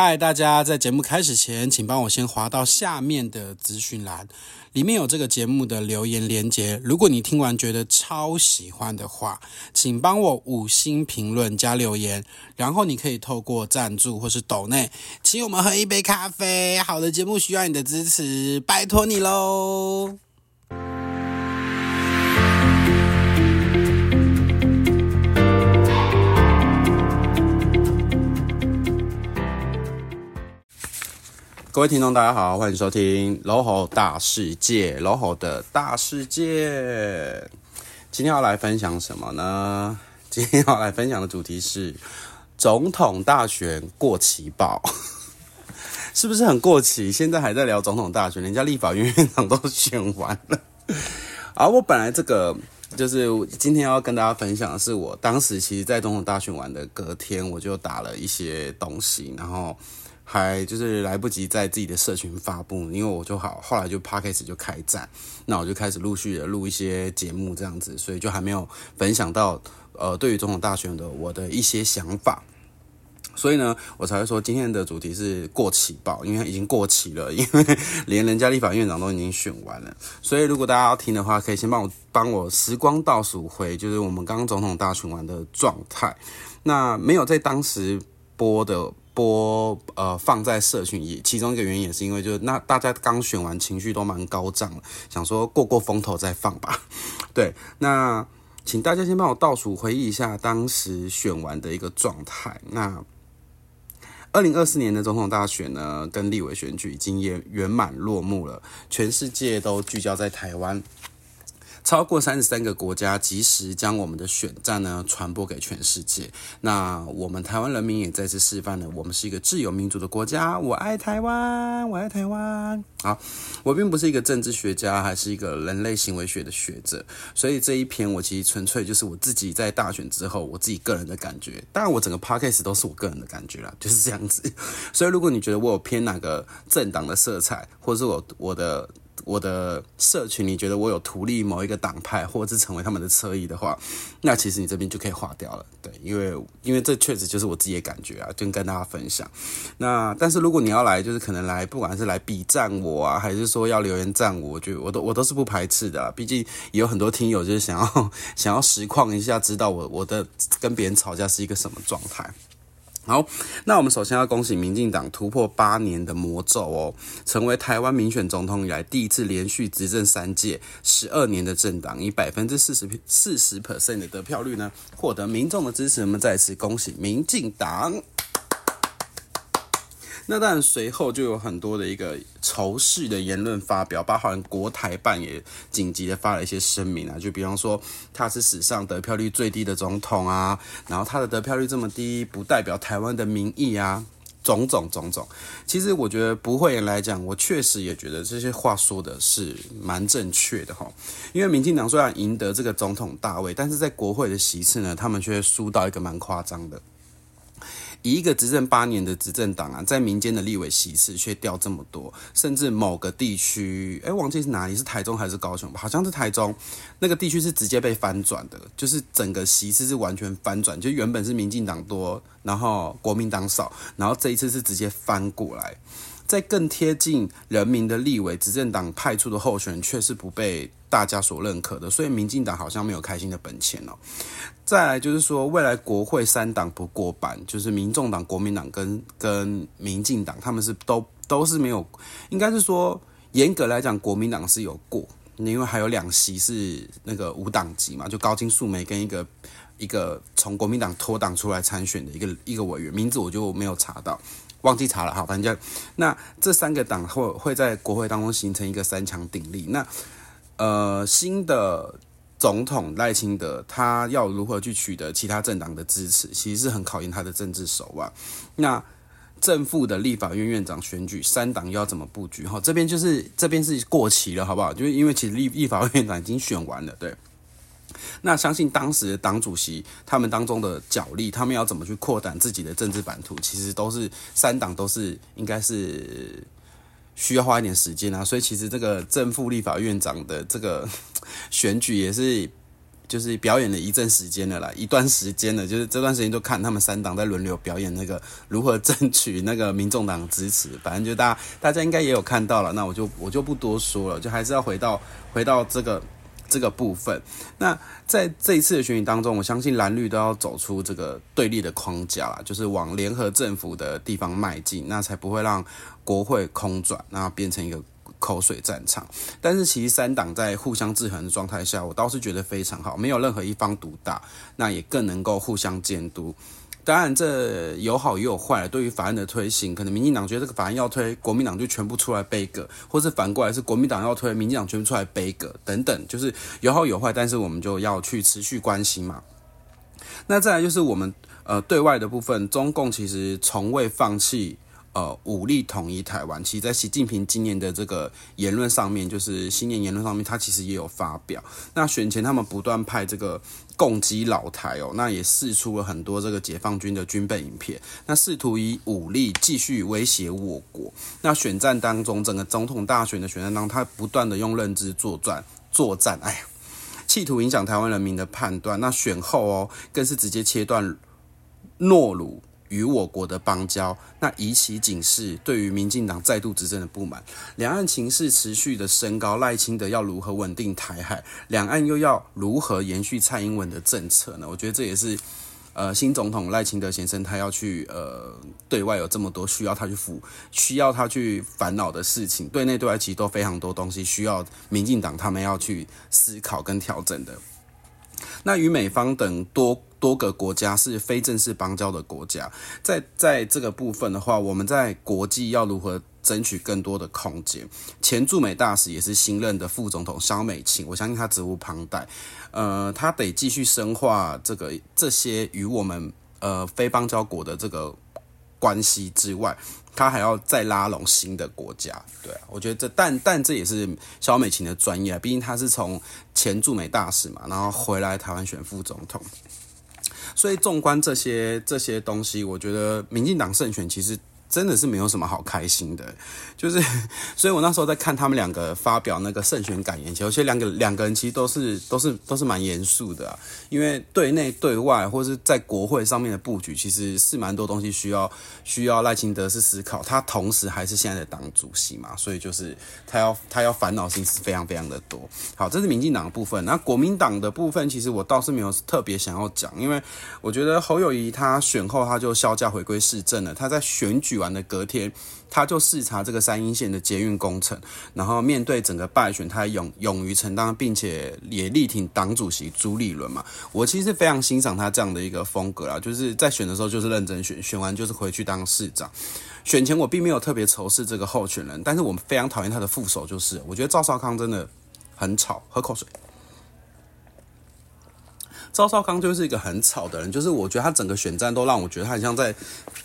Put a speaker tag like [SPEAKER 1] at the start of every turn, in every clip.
[SPEAKER 1] 嗨，Hi, 大家在節目開始前，請幫我先滑到下面的資訊欄，裡面有這個節目的留言鏈接。如果你聽完覺得超喜歡的話，請幫我五星評論加留言，然後你可以透過贊助或是抖內，請我們喝一杯咖啡。好的節目需要你的支持，拜托你嘍。各位聽眾，大家好，歡迎收聽《Loho 大世界》，Loho 的大世界。今天要來分享什麼呢？今天要來分享的主題是總統大選過期報，是不是很過期？現在還在聊總統大選，人家立法院院長都選完了。而我本來這個就是今天要跟大家分享的是我，我當時其實，在總統大選完的隔天，我就打了一些東西，然後。還就是來不及在自己的社群發布，因為我就好後來就 Podcast 就開戰，那我就開始陸續的錄一些節目這樣子，所以就還沒有分享到呃，對於總統大選的我的一些想法，所以呢，我才會說今天的主題是過期報，因為已經過期了，因為連人家立法院長都已經選完了，所以如果大家要聽的話，可以先幫我幫我時光倒數回，就是我們剛剛總統大選完的狀態，那沒有在當時播的。播呃放在社群也，也其中一個原因也是因為就，就是那大家剛選完，情緒都蠻高漲，想說過過風頭再放吧。對，那請大家先幫我倒數回憶一下當時選完的一個狀態。那二零二四年的總統大選呢，跟立委選舉已經也圓滿落幕了，全世界都聚焦在台灣。超過三十三個國家及時將我們的選戰呢傳播給全世界。那我們台灣人民也再次示範了，我們是一個自由民主的國家。我愛台灣，我愛台灣。好，我並不是一個政治學家，還是一個人類行為學的學者，所以這一篇我其實純粹就是我自己在大選之後我自己個人的感覺。當然，我整個 podcast 都是我個人的感覺啦，就是這樣子。所以，如果你覺得我有偏哪個政黨的色彩，或是我我的。我的社群，你覺得我有圖利某一個黨派，或者是成為他們的側翼的話，那其實你這邊就可以劃掉了。對，因為因為這確實就是我自己的感覺啊，就跟大家分享。那但是如果你要來，就是可能來，不管是來比讚我啊，還是說要留言讚我，就我，我都我都是不排斥的啊。畢竟也有很多聽友就是想要想要實況一下，知道我我的跟別人吵架是一個什麼狀態。好，那我們首先要恭喜民進黨突破八年的魔咒哦，成為台灣民選總統以來第一次連續執政三屆十二年的政黨，以百分之四十、四十 percent 的得票率呢，獲得民眾的支持。我們再次恭喜民進黨。那但隨後就有很多的一個仇視的言論發表，包括好像國台辦也緊急的發了一些聲明啊，就比方說他是史上得票率最低的總統啊，然後他的得票率這麼低，不代表台灣的民意啊，種種種種。其實我覺得不諱言來講，我確實也覺得這些話說的是蠻正確的哈，因為民進黨雖然贏得這個總統大位，但是在國會的席次呢，他們卻輸到一個蠻誇張的。以一個執政八年的執政黨啊，在民間的立委席次卻掉這麼多，甚至某個地區，誒，忘記是哪裡，是台中還是高雄吧？好像是台中，那個地區是直接被翻轉的，就是整個席次是完全翻轉，就原本是民進黨多，然後國民黨少，然後這一次是直接翻過來。再更貼近人民的立委，執政黨派出的候選人卻是不被大家所認可的，所以民進黨好像沒有開心的本錢哦。再來就是說，未來國會三黨不過半，就是民眾黨、國民黨跟跟民進黨，他們是都都是沒有，應該是說嚴格來講，國民黨是有過，因為還有兩席是那個無黨籍嘛，就高金素梅跟一個一個從國民黨脫黨出來參選的一個一個委員，名字我就沒有查到。忘記查了哈，反正那這三個黨會會在國會當中形成一個三強鼎立。那呃，新的總統賴清德他要如何去取得其他政黨的支持，其實是很考驗他的政治手腕啊。那政府的立法院院長選舉，三黨要怎麼布局？哈、哦，這邊就是這邊是過期了，好不好？就是因為其實立立法院長已經選完了，對。那相信當時的黨主席，他們當中的角力，他們要怎麼去擴展自己的政治版圖，其實都是三黨都是應該是需要花一點時間啊。所以其實這個正副立法院長的這個選舉，也是就是表演了一陣時間的啦，一段時間的，就是這段時間就看他們三黨在輪流表演那個如何爭取那個民眾黨支持。反正就大家大家應該也有看到了，那我就我就不多說了，就還是要回到回到這個。這個部分，那在這一次的選舉當中，我相信藍綠都要走出這個對立的框架啦，就是往聯合政府的地方邁進，那才不會讓國會空轉，然後變成一個口水戰場。但是其實三黨在互相制衡的狀態下，我倒是覺得非常好，沒有任何一方獨大，那也更能夠互相監督。當然，這有好也有壞。對於法案的推行，可能民進黨覺得這個法案要推，國民黨就全部出來杯葛，或是反過來是國民黨要推，民進黨全部出來杯葛等等，就是有好有壞。但是我們就要去持續關心嘛。那再來就是我們呃對外的部分，中共其實從未放棄呃武力統一台灣。其實，在習近平今年的這個言論上面，就是新年言論上面，他其實也有發表。那選前他們不斷派這個。攻擊老台哦，那也釋出了很多這個解放軍的軍備影片，那試圖以武力繼續威脅我國。那選戰當中，整個總統大選的選戰當中，他不斷的用認知作戰作戰，哎，企圖影響台灣人民的判斷。那選後哦，更是直接切斷諾魯。與我國的邦交，那以其警示對於民進黨再度執政的不滿，兩岸情勢持續的升高，賴清德要如何穩定台海？兩岸又要如何延續蔡英文的政策呢？我覺得這也是，呃，新總統賴清德先生他要去，呃，對外有這麼多需要他去輔，需要他去煩惱的事情，對內對外其實都非常多東西需要民進黨他們要去思考跟調整的。那與美方等多。多個國家是非正式邦交的國家，在在這個部分的話，我們在國際要如何爭取更多的空間？前駐美大使也是新任的副總統蕭美琴，我相信他責無旁貸。呃，他得繼續深化這個這些與我們呃非邦交國的這個關係之外，他還要再拉攏新的國家。對啊，我覺得這但但這也是蕭美琴的專業啊，畢竟他是從前駐美大使嘛，然後回來台灣選副總統。所以，縱觀這些這些東西，我覺得民進黨勝選其實。真的是沒有什麼好開心的，就是，所以我那時候在看他們兩個發表那個勝選感言，其實有些兩個兩個人其實都是都是都是蠻嚴肅的啊，因為對內對外或是在國會上面的布局，其實是蠻多東西需要需要賴清德是思考，他同時還是現在的黨主席嘛，所以就是他要他要煩惱心事非常非常的多。好，這是民進黨的部分，那國民黨的部分其實我倒是沒有特別想要講，因為我覺得侯友宜他選後他就銷假回歸市政了，他在選舉完的隔天，他就視察這個三鶯線的捷運工程，然後面對整個敗選，他勇勇於承擔，並且也力挺黨主席朱立倫嘛。我其實非常欣賞他這樣的一個風格啊，就是在選的時候就是認真選，選完就是回去當市長。選前我並沒有特別仇視這個候選人，但是我們非常討厭他的副手，就是我覺得趙少康真的很吵。喝口水。趙少康就是一個很吵的人，就是我覺得他整個選戰都讓我覺得他很像在，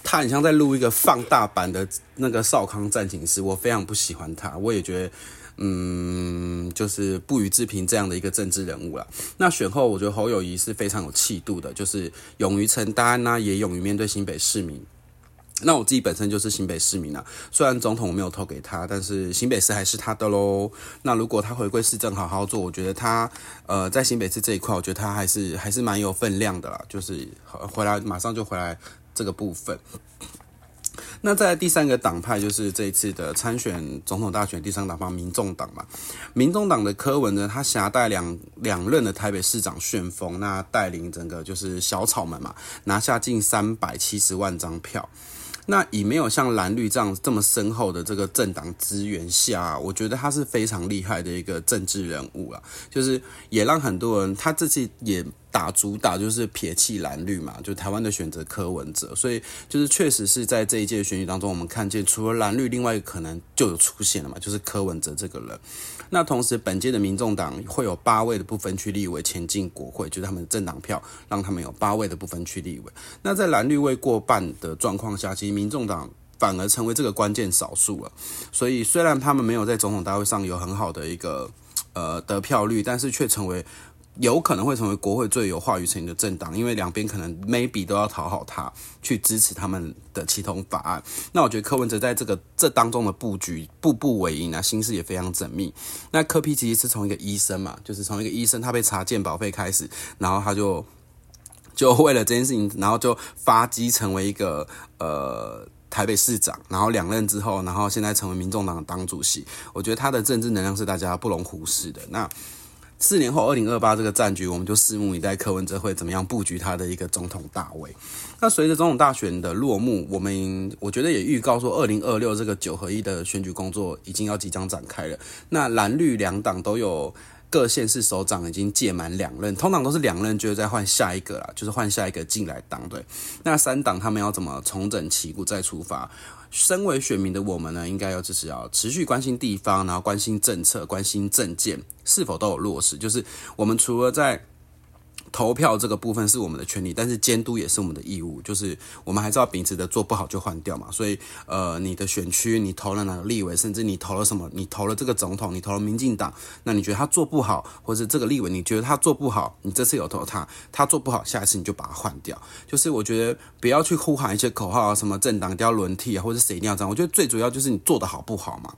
[SPEAKER 1] 他很像在錄一個放大版的那個少康戰情室。我非常不喜歡他，我也覺得，嗯，就是不予置評這樣的一個政治人物啦。那選後，我覺得侯友宜是非常有氣度的，就是勇於承擔呢，也勇於面對新北市民。那我自己本身就是新北市民啊，雖然總統我沒有投給他，但是新北市還是他的嘍。那如果他回歸市政好好做，我覺得他呃在新北市這一塊，我覺得他還是還是蠻有分量的啦。就是回來馬上就回來這個部分。那在第三個黨派就是這一次的參選總統大選第三黨派民眾黨嘛，民眾黨的柯文呢，他挾帶兩兩任的台北市長旋風，那帶領整個就是小草們嘛，拿下近三百七十萬張票。那以沒有像藍綠這樣這麼深厚的這個政黨資源下啊，我覺得他是非常厲害的一個政治人物啊。就是也讓很多人他自己也打主打，就是撇棄藍綠嘛，就台灣的選擇柯文哲，所以就是確實是在這一屆選舉當中，我們看見除了藍綠，另外可能就有出現了嘛，就是柯文哲這個人。那同時，本屆的民眾黨會有八位的不分區立委前進國會，就是他們的政黨票讓他們有八位的不分區立委。那在藍綠未過半的狀況下，其實民眾黨反而成為這個關鍵少數了。所以雖然他們沒有在總統大會上有很好的一個呃得票率，但是卻成為。有可能會成為國會最有話語權的政黨，因為兩邊可能 maybe 都要討好他，去支持他們的齊同法案。那我覺得柯文哲在這個這當中的布局步步為營啊，心思也非常縝密。那柯 P 其實是從一個醫生嘛，就是從一個醫生他被查健保費開始，然後他就就為了這件事情，然後就發跡成為一個呃台北市長，然後兩任之後，然後現在成為民眾黨的黨主席。我覺得他的政治能量是大家不容忽視的。那。四年後，二零二八這個戰局，我們就拭目以待，柯文哲會怎麼樣布局他的一個總統大位？那隨着總統大選的落幕，我們我覺得也預告說，二零二六這個九合一的選舉工作已經要即將展開了。那藍綠兩黨都有各縣市首長已經屆滿兩任，通常都是兩任，就是再換下一個啦，就是換下一個進來當，對。那三黨他們要怎麼重整旗鼓再出發？身為選民的我們呢，應該要支持，要，持續關心地方，然後關心政策、關心政見是否都有落實。就是我們除了在投票這個部分是我們的權利，但是監督也是我們的義務，就是我們還是要秉持的做不好就換掉嘛。所以，呃，你的選區你投了哪個立委，甚至你投了什麼，你投了這個總統，你投了民進黨，那你覺得他做不好，或者是這個立委你覺得他做不好，你這次有投他，他做不好，下一次你就把他換掉。就是我覺得不要去呼喊一些口號啊，什麼政黨要輪替啊，或者誰一定要這樣，我覺得最主要就是你做得好不好嘛。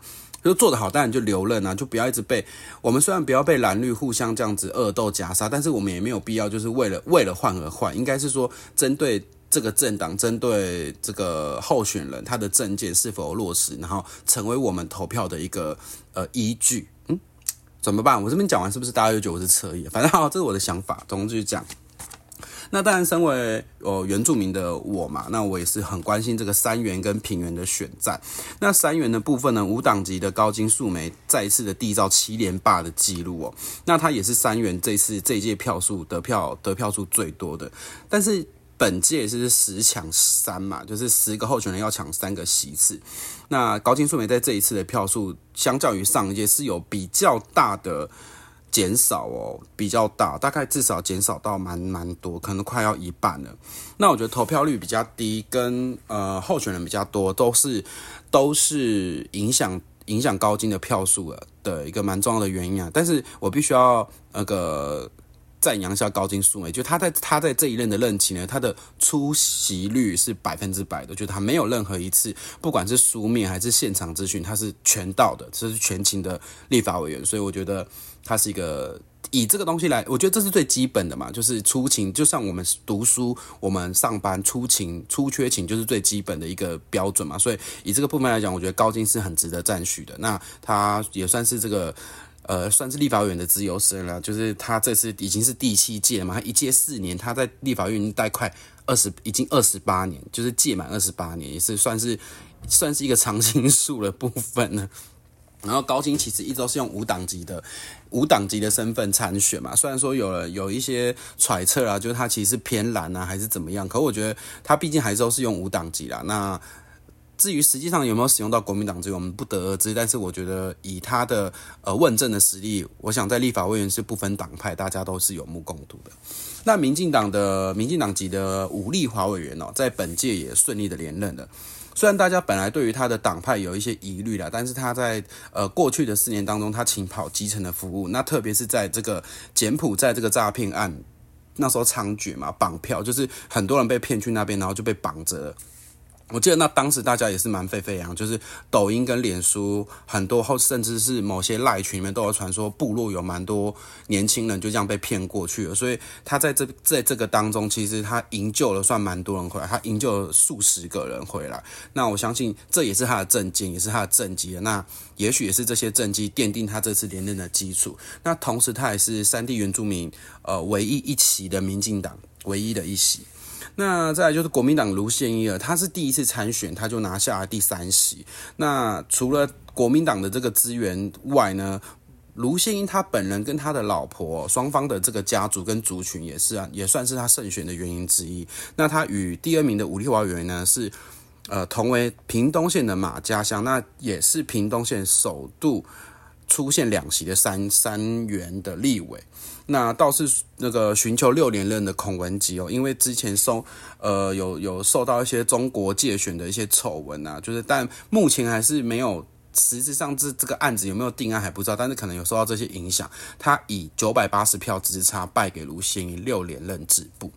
[SPEAKER 1] 就做得好，當然就留任啊，就不要一直被我們雖然不要被藍綠互相這樣子惡鬥夾殺，但是我們也沒有必要就是為了為了換而換，應該是說針對這個政黨，針對這個候選人他的政見是否落實，然後成為我們投票的一個呃依據。嗯，怎麼辦？我這邊講完是不是大家又覺得我是側翼？反正，好，這是我的想法，總之就這樣。那當然，身為哦原住民的我嘛，那我也是很關心這個三元跟平原的選戰。那三元的部分呢，無黨籍的高金素梅再一次的締造七連霸的記錄哦。那它也是三元這次這屆票數得票得票數最多的。但是本屆也是十搶三嘛，就是十個候選人要搶三個席次。那高金素梅在這一次的票數，相較於上一屆是有比較大的。減少哦，比較大，大概至少減少到蠻蠻多，可能快要一半了。那我覺得投票率比較低，跟呃候選人比較多，都是都是影響影響高金的票數的、啊、一個蠻重要的原因啊。但是我必須要那個讚揚一下高金素梅，就他在他在這一任的任期呢，他的出席率是百分之百的，就是他沒有任何一次，不管是書面還是現場質詢，他是全到的，這是全勤的立法委員，所以我覺得。他是一個以這個東西來，我覺得這是最基本的嘛，就是出勤，就像我們讀書、我們上班出勤、出缺勤就是最基本的一個標準嘛。所以以這個部分來講，我覺得高金是很值得讚許的。那他也算是這個呃，算是立法院的自由身了，就是他這次已經是第七屆了嘛，他一屆四年，他在立法院待快二十，已經二十八年，就是屆滿二十八年，也是算是算是一個常青樹的部分了。然後高金其實一直都是用無黨籍的無黨籍的身份參選嘛，雖然說有了有一些揣測啊，就是他其實是偏藍啊還是怎麼樣，可我覺得他畢竟還是都是用無黨籍啦。那至於實際上有沒有使用到國民黨資源，我們不得而知。但是我覺得以他的呃問政的實力，我想在立法委員是不分黨派，大家都是有目共睹的。那民進黨的民進黨籍的伍麗華委員哦，在本屆也順利的連任了。雖然大家本來對於他的黨派有一些疑慮啦，但是他在呃過去的四年當中，他勤跑基層的服務，那特別是在這個柬埔寨這個詐騙案那時候猖獗嘛，綁票就是很多人被騙去那邊，然後就被綁着。我記得那當時大家也是蠻沸沸揚，就是抖音跟臉書很多後，甚至是某些賴群裡面都有傳說，部落有蠻多年輕人就這樣被騙過去了。所以他在這在這個當中，其實他營救了算蠻多人回來，他營救了數十個人回來。那我相信這也是他的政績，也是他的政績。那也許也是這些政績奠定他這次連任的基礎。那同時他也是山地原住民，呃，唯一一席的民進黨唯一的一席。那再來就是國民黨盧縣一了，他是第一次參選，他就拿下了第三席。那除了國民黨的這個資源外呢，盧縣一他本人跟他的老婆，雙方的這個家族跟族群也是啊，也算是他勝選的原因之一。那他與第二名的伍麗華委員呢，是呃同為屏東縣的瑪家鄉，那也是屏東縣首度出現兩席的三三元的立委。那倒是那個尋求六連任的孔文吉哦，因為之前收呃有有受到一些中國介選的一些醜聞啊，就是但目前還是沒有，實質上這這個案子，有沒有定案還不知道，但是可能有受到這些影響，他以九百八十票之差敗給盧縣一六連任止步，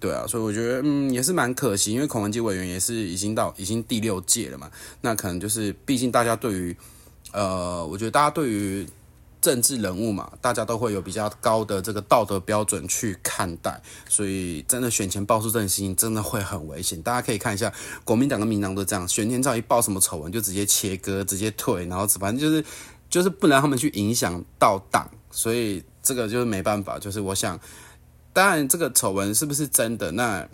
[SPEAKER 1] 對啊，所以我覺得嗯也是蠻可惜，因為孔文吉委員也是已經到已經第六屆了嘛，那可能就是畢竟大家對於呃，我覺得大家對於。政治人物嘛，大家都會有比較高的這個道德標準去看待，所以真的選前爆出這件事情，真的會很危險。大家可以看一下，國民黨的民黨都這樣，選前照一報什麼醜聞，就直接切割，直接退，然後反正就是就是不能讓他們去影響到黨，所以這個就是沒辦法。就是我想，當然這個醜聞是不是真的？那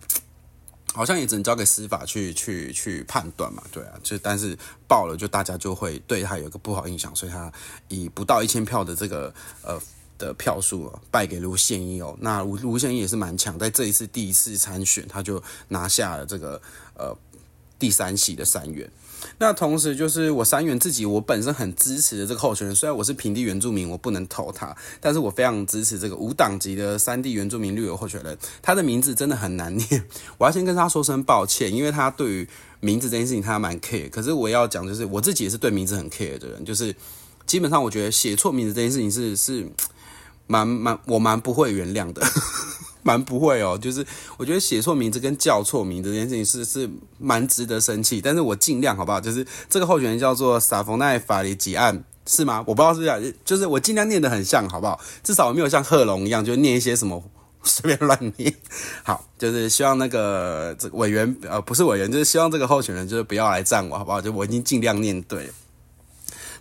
[SPEAKER 1] 好像也只能交給司法去去去判斷嘛，對啊，就但是爆了就大家就會對他有一個不好印象，所以他以不到一千票的這個呃的票數，啊，敗給盧憲英哦。那盧盧憲英也是蠻強，在這一次第一次參選他就拿下了這個呃。第三席的山原，那同時就是我山原自己，我本身很支持的這個候選人。雖然我是平地原住民，我不能投他，但是我非常支持這個無黨籍的山地原住民綠營候選人。他的名字真的很難念，我要先跟他說聲抱歉，因為他對於名字這件事情他還蠻 care。可是我要講就是我自己也是對名字很 care 的人，就是基本上我覺得寫錯名字這件事情是是蠻蠻我蠻不會原諒的。 蠻不會哦，就是我覺得寫錯名字跟叫錯名字這件事情是是蠻值得生氣，但是我盡量好不好？就是這個候選人叫做薩弗奈法里吉安是嗎？我不知道是不是啊，就是我盡量念得很像好不好？至少我沒有像賀龍一樣就念一些什麼隨便亂念。好，就是希望那個這個委員呃不是委員，就是希望這個候選人就是不要來讚我好不好？就我已經盡量念對了。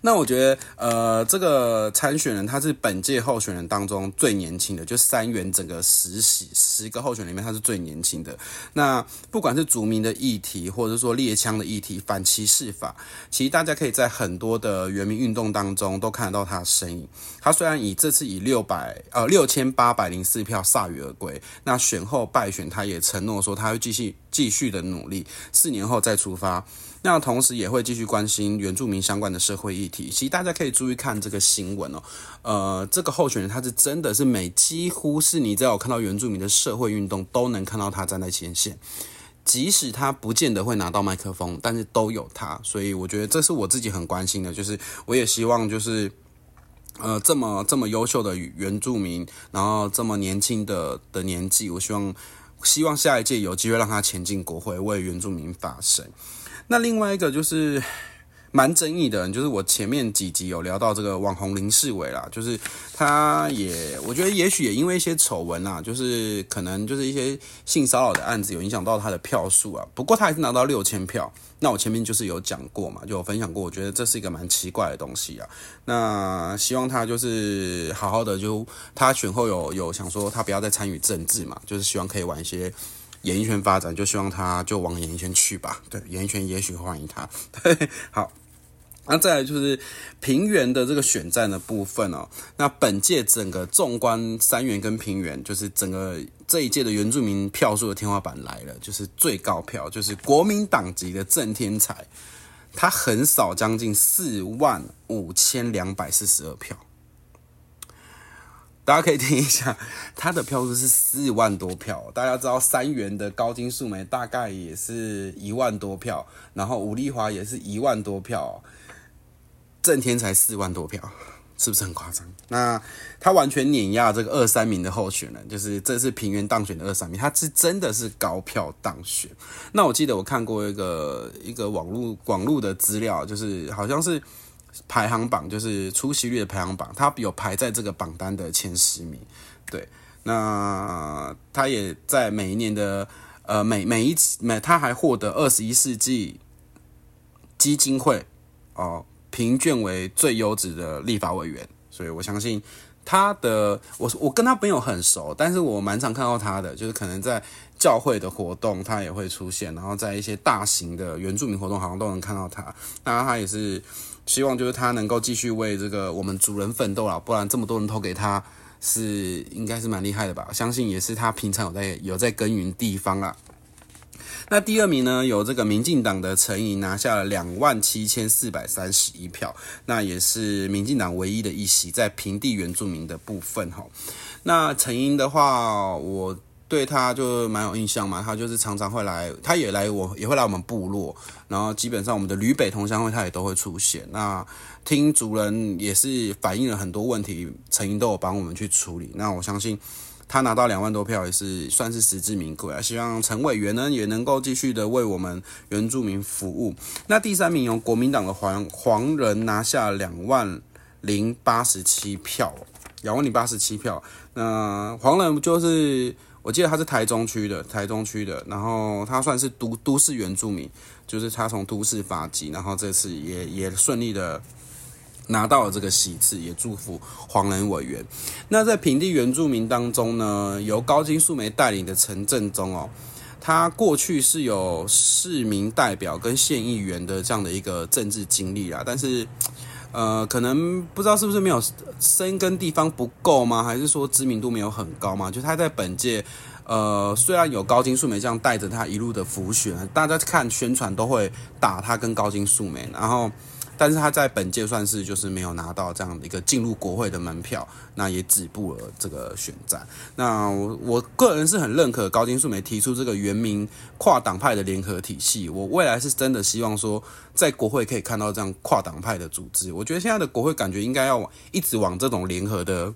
[SPEAKER 1] 那我覺得，呃，這個參選人他是本屆候選人當中最年輕的。就三元整個十席十個候選人裡面他是最年輕的。那不管是族民的議題，或者說獵槍的議題，反歧視法，其實大家可以在很多的原民運動當中都看得到他的身影。他雖然以這次以六百呃六千八百零四票铩羽而歸，那選後敗選，他也承諾說他會繼續繼續的努力，四年後再出發。那同時也會繼續關心原住民相關的社會議題。其實大家可以注意看這個新聞哦，呃，這個候選人他是真的是每幾乎是你只要看到原住民的社會運動，都能看到他站在前線，即使他不見得會拿到麥克風，但是都有他。所以我覺得這是我自己很關心的，就是我也希望就是，呃，這麼這麼優秀的原住民，然後這麼年輕的的年紀，我希望希望下一屆有機會讓他前進國會，為原住民發聲。那另外一個就是蠻爭議的，就是我前面幾集有聊到這個網紅林世偉啦，就是他也，我覺得也許也因為一些醜聞啊，就是可能就是一些性騷擾的案子有影響到他的票數啊。不過他還是拿到六千票。那我前面就是有講過嘛，就有分享過，我覺得這是一個蠻奇怪的東西啊。那希望他就是好好的，就他選後有有想說他不要再參與政治嘛，就是希望可以玩一些，演藝圈發展，就希望他就往演藝圈去吧。對，演藝圈也許歡迎他。好，那再來就是平原的這個選戰的部分哦。那本屆整個縱觀山原跟平原，就是整個這一屆的原住民票數的天花板來了，就是最高票，就是國民黨籍的鄭天財，他橫掃將近四萬五千兩百四十二票。大家可以聽一下，他的票數是四萬多票。大家知道山原的高金素梅大概也是一萬多票，然後伍麗華也是一萬多票，鄭天財四萬多票，是不是很誇張？那他完全碾壓這個二三名的候選人，就是這是平原當選的二三名，他是真的是高票當選。那我記得我看過一個一個網路網路的資料，就是好像是。排行榜就是出席率的排行榜，他有排在這個榜單的前十名。對，那他、呃、也在每一年的呃每每一次，每他還獲得二十一世紀基金會哦評卷為最優質的立法委員，所以我相信他的，我我跟他沒有很熟，但是我蠻常看到他的，就是可能在教會的活動他也會出現，然後在一些大型的原住民活動好像都能看到他。那他也是。希望就是他能夠繼續為這個我們族人奮鬥了，不然這麼多人投給他是，應是應該是蠻厲害的吧？我相信也是他平常有在有在耕耘地方啦。那第二名呢，有這個民進黨的陳瑩，拿下了兩萬七千四百三十一票，那也是民進黨唯一的一席在平地原住民的部分哈。那陳瑩的話，我。對他就蠻有印象嘛，他就是常常會來，他也來我，我也會來我們部落，然後基本上我們的旅北同鄉會他也都會出現。那聽族人也是反映了很多問題，陳瑩都有幫我們去處理。那我相信他拿到兩萬多票也是算是實至名歸、啊。希望陳委員呢也能夠繼續的為我們原住民服務。那第三名由、哦、國民黨的黃黃仁拿下兩萬零八十七票，兩萬零八十七票。那黃仁就是。我記得他是台中區的，台中區的，然後他算是都都市，原住民，就是他從都市發跡。然後這次也也順利的拿到了這個席次，也祝福黃仁委員。那在平地原住民當中呢，由高金素梅帶領的陳振中哦，他過去是有市民代表跟縣議員的這樣的一個政治經歷啦，但是。呃，可能不知道是不是沒有深耕地方不夠嗎？還是說知名度沒有很高嗎？就他在本屆，呃，雖然有高金素梅這樣帶着他一路的輔選，大家看宣傳都會打他跟高金素梅，然後。但是他在本屆算是就是沒有拿到這樣的一個進入國會的門票，那也止步了這個選戰。那我個人是很認可高金素梅提出這個原民跨黨派的聯合體系。我未來是真的希望說，在國會可以看到這樣跨黨派的組織。我覺得現在的國會感覺應該要往一直往這種聯合的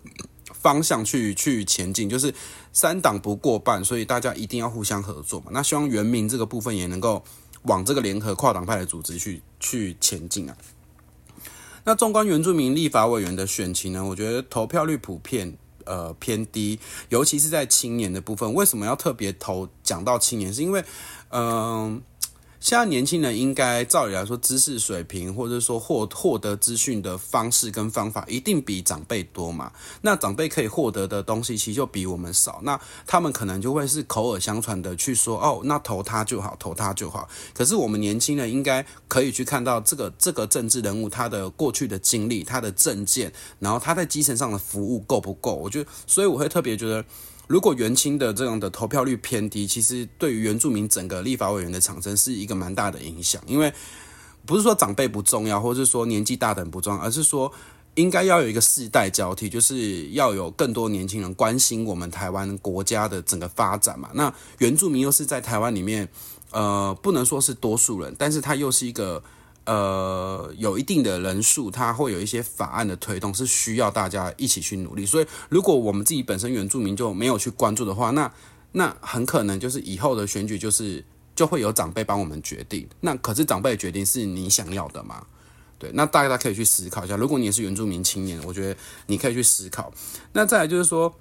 [SPEAKER 1] 方向去去前進，就是三黨不過半，所以大家一定要互相合作嘛。那希望原民這個部分也能夠往這個聯合跨黨派的組織去去前進啊。那縱觀原住民立法委員的選情呢？我覺得投票率普遍呃偏低，尤其是在青年的部分。為什麼要特別投？講到青年，是因為嗯。呃現在年輕人應該照理來說，知識水平或者說獲獲得資訊的方式跟方法，一定比長輩多嘛。那長輩可以獲得的東西，其實就比我們少。那他們可能就會是口耳相傳的去說，哦，那投他就好，投他就好。可是我們年輕人應該可以去看到這個這個政治人物他的過去的經歷、他的政見，然後他在基層上的服務夠不夠？我就，所以我會特別覺得。如果原青的這樣的投票率偏低，其實對於原住民整個立法委員的產生是一個蠻大的影響。因為不是說長輩不重要，或是說年紀大等不重要，而是說應該要有一個世代交替，就是要有更多年輕人關心我們台灣國家的整個發展嘛。那原住民又是在台灣裡面，呃，不能說是多數人，但是他又是一個。呃，有一定的人數，他會有一些法案的推動，是需要大家一起去努力。所以，如果我們自己本身原住民就沒有去關注的話，那那很可能就是以後的選舉就是就會有長輩幫我們決定。那可是長輩決定是你想要的嗎？對，那大家可以去思考一下。如果你也是原住民青年，我覺得你可以去思考。那再來就是說。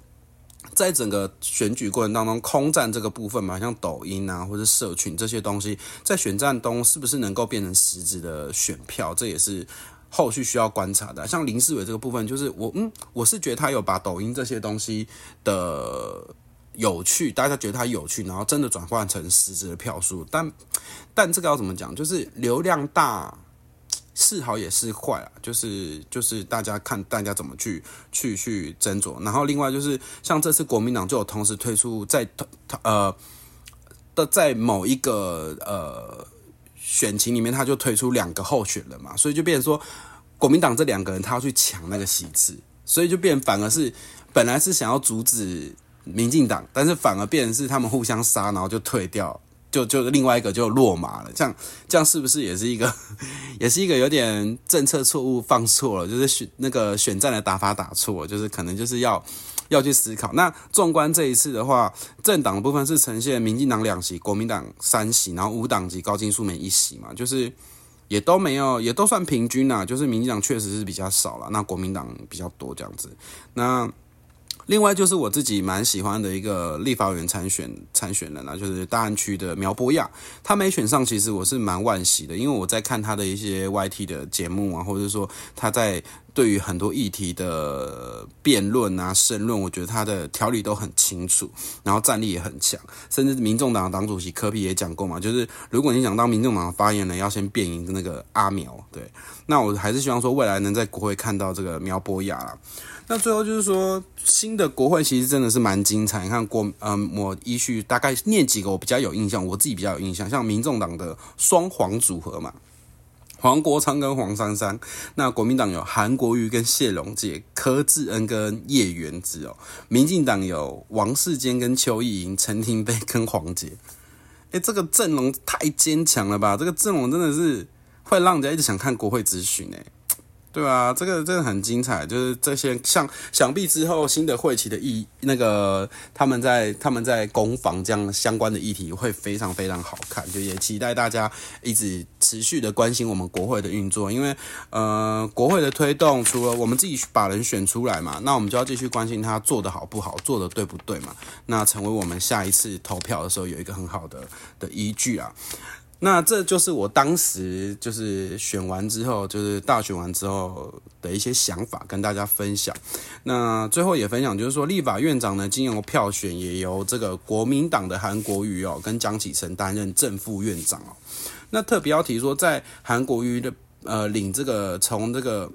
[SPEAKER 1] 在整個選舉過程當中，空戰這個部分嘛，像抖音啊或者社群這些東西，在選戰中是不是能夠變成實質的選票？這也是後續需要觀察的啊。像林思偉這個部分，就是我嗯，我是覺得他有把抖音這些東西的有趣，大家覺得他有趣，然後真的轉換成實質的票數。但但這個要怎麼講？就是流量大。是好也是壞啊，就是就是大家看大家怎麼去去去斟酌。然後另外就是像這次國民黨就有同時推出在他他呃的在某一個呃選情裡面，他就推出兩個候選人嘛，所以就變成說國民黨這兩個人他要去搶那個席次，所以就變反而是本來是想要阻止民進黨，但是反而變成是他們互相殺，然後就退掉。就就另外一個就落馬了，這樣，這樣是不是也是一個，也是一個有點政策錯誤放錯了，就是選那個選戰的打法打錯了，就是可能就是要要去思考。那縱觀這一次的話，政黨部分是呈現民進黨兩席，國民黨三席，然後無黨及高金素梅一席嘛，就是也都沒有，也都算平均啦。就是民進黨確實是比較少了，那國民黨比較多這樣子，那。另外就是我自己蠻喜歡的一個立法委員參選參選的呢、啊，就是大安區的苗博雅，他沒選上，其實我是蠻惋惜的，因為我在看他的一些 YT 的節目啊，或者說他在。對於很多議題的辯論啊、申論，我覺得他的條理都很清楚，然後戰力也很強。甚至民眾黨黨主席柯 P 也講過嘛，就是如果你想當民眾黨的發言人，要先辯贏那個阿苗。對，那我還是希望說未來能在國會看到這個苗博雅啦。那最後就是說，新的國會其實真的是蠻精彩。你看國，嗯、呃，我依序大概念幾個我比較有印象，我自己比較有印象，像民眾黨的雙黃組合嘛。黃國昌跟黃珊珊，那國民黨有韓國瑜跟謝龍介、柯志恩跟葉元之哦。民進黨有王世堅跟邱議瑩、陳亭妃跟黃捷哎、欸，這個陣容太堅強了吧？這個陣容真的是會讓人家一直想看國會質詢哎。對啊，這個真的很精彩，就是這些像想必之後新的會期的議那個他們在他們在攻防這樣相關的議題會非常非常好看，就也期待大家一直持續的關心我們國會的運作，因為呃國會的推動除了我們自己把人選出來嘛，那我們就要繼續關心他做得好不好，做得對不對嘛，那成為我們下一次投票的時候有一個很好的的依據啊。那這就是我當時就是選完之後，就是大選完之後的一些想法跟大家分享。那最後也分享就是說，立法院長呢，經由票選，也由這個國民黨的韓國瑜哦，跟江啟臣擔任正副院長哦。那特別要提說，在韓國瑜的呃領這個從這個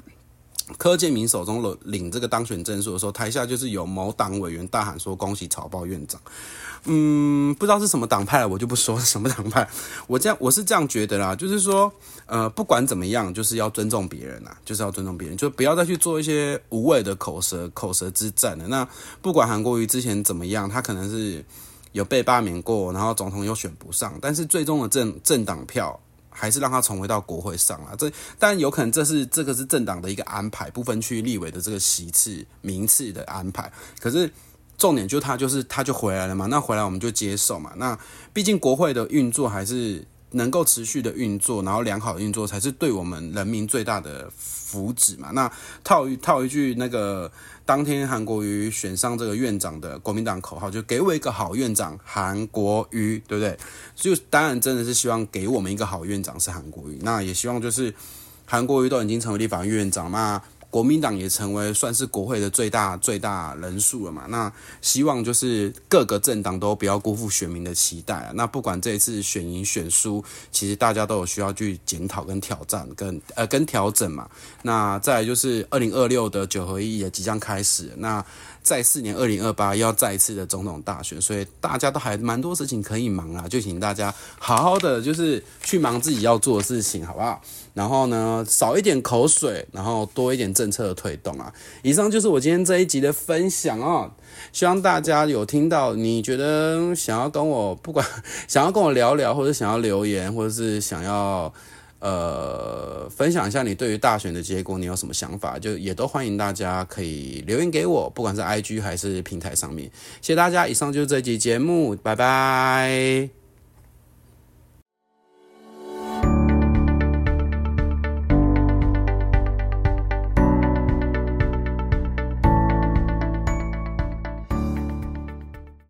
[SPEAKER 1] 柯建銘手中領領這個當選證書的時候，台下就是有某黨委員大喊說：“恭喜草包院長。”嗯，不知道是什麼黨派，我就不說什麼黨派。我這樣我是這樣覺得啦，就是說，呃，不管怎麼樣，就是要尊重別人啦，就是要尊重別人，就不要再去做一些無謂的口舌口舌之戰了。那不管韓國瑜之前怎麼樣，他可能是有被罷免過，然後總統又選不上，但是最終的政政黨票還是讓他重回到國會上啊。這但有可能這是這個是政黨的一個安排，不分區立委的這個席次名次的安排，可是。重點就他就是他就回來了嘛，那回來我們就接受嘛。那畢竟國會的運作還是能夠持續的運作，然後良好運作才是對我們人民最大的福祉嘛。那套一套一句那個當天韓國瑜選上這個院長的國民黨口號，就給我一個好院長，韓國瑜，對不對？就當然真的是希望給我們一個好院長是韓國瑜。那也希望就是韓國瑜都已經成為立法院院長嘛。國民黨也成為算是國會的最大最大人數了嘛。那希望就是各個政黨都不要辜負選民的期待啊，那不管這一次選贏選輸，其實大家都有需要去檢討跟挑戰跟呃跟調整嘛。那再來就是二零二六的九合一也即將開始，那。再四年，二零二八又要再一次的總統大選，所以大家都還蠻多事情可以忙啊，就請大家好好的就是去忙自己要做的事情，好不好？然後呢，少一點口水，然後多一點政策的推動啊。以上就是我今天這一集的分享哦，希望大家有聽到，你覺得想要跟我不管想要跟我聊聊，或者想要留言，或者是想要。呃，分享一下你對於大選的結果，你有什麼想法？就也都歡迎大家可以留言給我，不管是 IG 還是平台上面。謝謝大家，以上就是這期節目，拜拜。